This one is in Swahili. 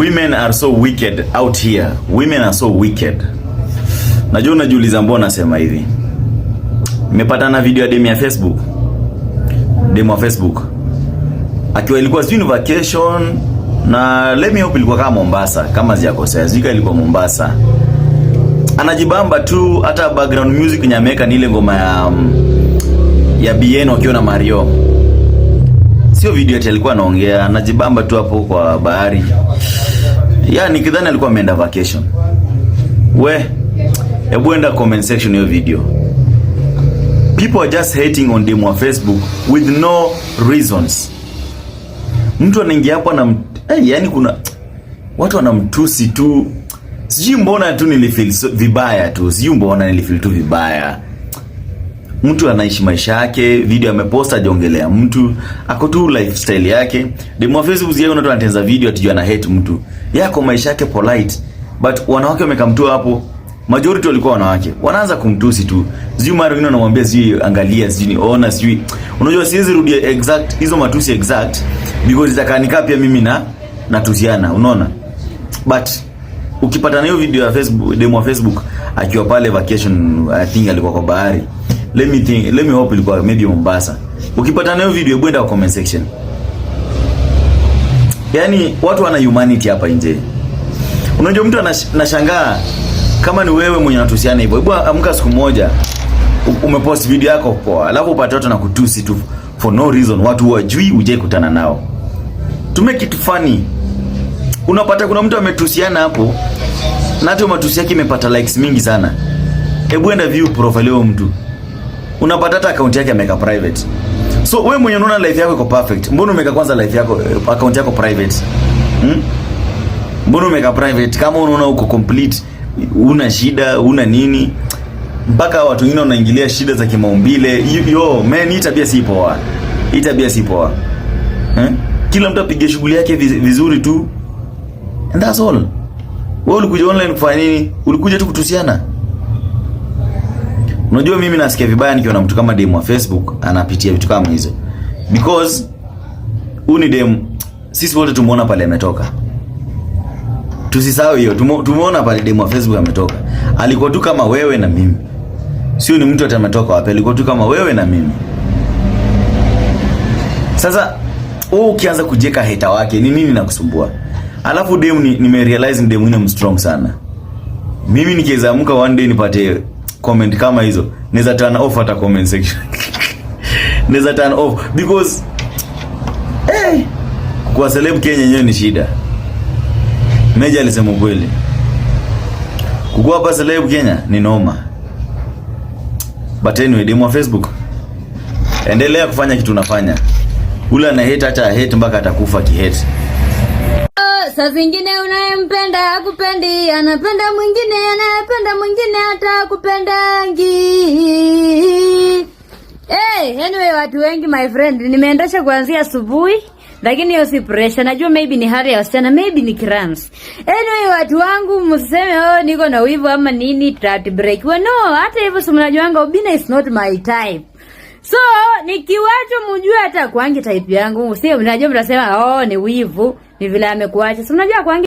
Women are so wicked out here. Women are so wicked. Najua unajiuliza mbona nasema hivi. Nimepata na video ya demu ya Facebook. Demu wa Facebook. Akiwa ilikuwa sijui vacation na let me hope ilikuwa kama Mombasa, kama sijakosea. Zika ilikuwa Mombasa. Anajibamba tu hata background music yenye ameweka ni ile ngoma ya mm, ya Bieno akiwa na Mario. Sio video ati alikuwa anaongea, anajibamba tu hapo kwa bahari. Ya nikidhani alikuwa ameenda vacation. We, hebu enda comment section hiyo video. People are just hating on Demu wa Facebook with no reasons. Mtu anaingia hapo na eh, yani kuna watu wanamtusi tu. Sijui mbona tu nilifeel vibaya tu. Sijui mbona nilifeel tu vibaya mtu anaishi maisha yake, video ameposta ajongelea mtu, ako tu lifestyle yake. Demu wa Facebook yeye unatoa anatenza video atijua na hate mtu. Yako maisha yake polite, but wanawake wamekamtua hapo. Majority walikuwa wanawake. Wanaanza kumtusi tu. Sijui mara wengine wanamwambia sijui angalia, sijui ona, sijui. Unajua siwezi rudia exact hizo matusi exact because itakanikaa pia mimi na natuziana, unaona? But ukipata na hiyo video ya Facebook, demo wa Facebook akiwa pale vacation, I think alikuwa kwa bahari let me think, let me hope ilikuwa maybe Mombasa. Ukipata nayo video bwenda kwa comment section. Yaani watu wana humanity hapa nje. Unajua mtu anashangaa kama ni wewe mwenye unatusiana hivyo. Hebu amka siku moja umepost video yako poa, alafu upate watu na kutusi tu for no reason, watu wajui uje kutana nao. Tume kitu funny. Unapata kuna mtu ametusiana hapo na hata matusi yake imepata likes mingi sana. Hebu enda view profile yao mtu unapata hata akaunti yake ameweka private. So we mwenye unaona life yako iko perfect, mbona umeweka kwanza life yako eh, akaunti yako private? Hmm? Mbona umeweka private kama unaona uko complete, una shida, una nini? Mpaka watu wengine wanaingilia shida za kimaumbile. Yo man, hii tabia si poa. Hii tabia si poa. hmm? Kila mtu apige shughuli yake vizuri tu. And that's all. Wewe ulikuja online kufanya nini? Ulikuja tu kutusiana. Unajua mimi nasikia vibaya nikiona mtu kama demu wa Facebook anapitia vitu kama hizo. Because huyu ni demu, sisi wote tumeona pale ametoka. Tusisahau hiyo, tumeona pale demu wa Facebook ametoka. Alikuwa tu kama wewe na mimi. Sio ni mtu atametoka wapi? Alikuwa tu kama wewe na mimi. Sasa wewe ukianza kujeka heta wake ni nini nakusumbua? Alafu demu nimerealize ni demu ni mstrong sana. Mimi nikiweza amka one day nipate comment kama hizo, naweza turn off hata comment section naweza turn off because hey, kwa celeb Kenya yenyewe ni shida. Meja alisema kweli, kukuwa hapa celeb Kenya ni noma, but anyway, demo Facebook, endelea kufanya kitu unafanya. Ule ana hate hata hate mpaka atakufa ki hate sa zingine unayempenda akupendi, anapenda mwingine, anayependa mwingine hata akupendangi. Hey, anyway watu wengi my friend, nimeendesha kuanzia asubuhi lakini hiyo si pressure. Najua maybe ni hali ya wasichana, maybe ni cramps. Anyway, watu wangu msiseme oh, niko na wivu ama nini tat break. Well, no, hata hivyo si mnajua mnajuanga Obinna oh, is not my type. So, nikiwacho mjue hata kwangi type yangu. Sio mnajua mnasema oh, ni wivu. Ni vile amekuacha. Si unajua kwangi